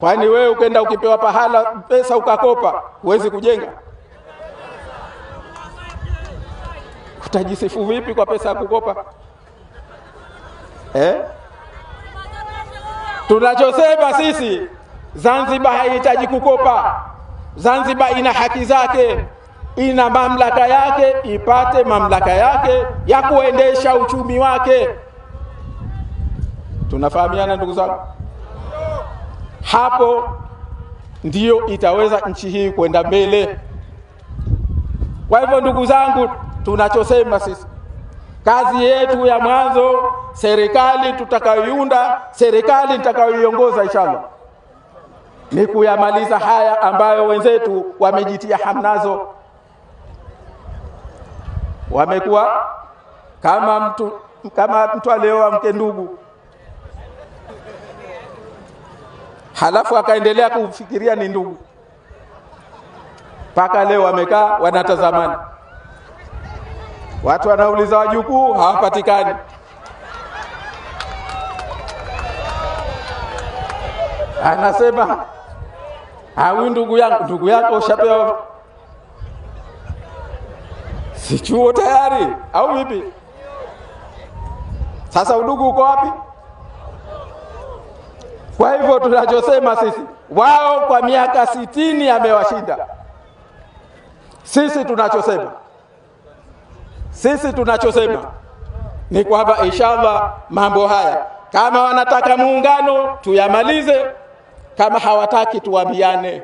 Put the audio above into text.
Kwani wewe ukenda ukipewa pahala pesa ukakopa, huwezi kujenga? Utajisifu vipi kwa pesa ya kukopa eh? Tunachosema sisi, Zanzibar haihitaji kukopa. Zanzibar ina haki zake, ina mamlaka yake, ipate mamlaka yake ya kuendesha uchumi wake. Tunafahamiana ndugu zangu? Hapo ndiyo itaweza nchi hii kwenda mbele. Kwa hivyo, ndugu zangu, tunachosema sisi, kazi yetu ya mwanzo, serikali tutakayoiunda, serikali nitakayoiongoza inshallah, ni kuyamaliza haya ambayo wenzetu wamejitia hamnazo. Wamekuwa kama mtu, kama mtu aliyeoa mke ndugu halafu akaendelea kufikiria ni ndugu mpaka leo wamekaa wanatazamana. Watu wanauliza wajukuu hawapatikani. Anasema hawi ndugu yangu. Ndugu yako ushapewa si chuo tayari au vipi? Sasa udugu uko wapi? Kwa hivyo tunachosema sisi, wao kwa miaka sitini amewashinda. Sisi tunachosema sisi tunachosema ni kwamba inshallah mambo haya kama wanataka muungano tuyamalize, kama hawataki tuambiane.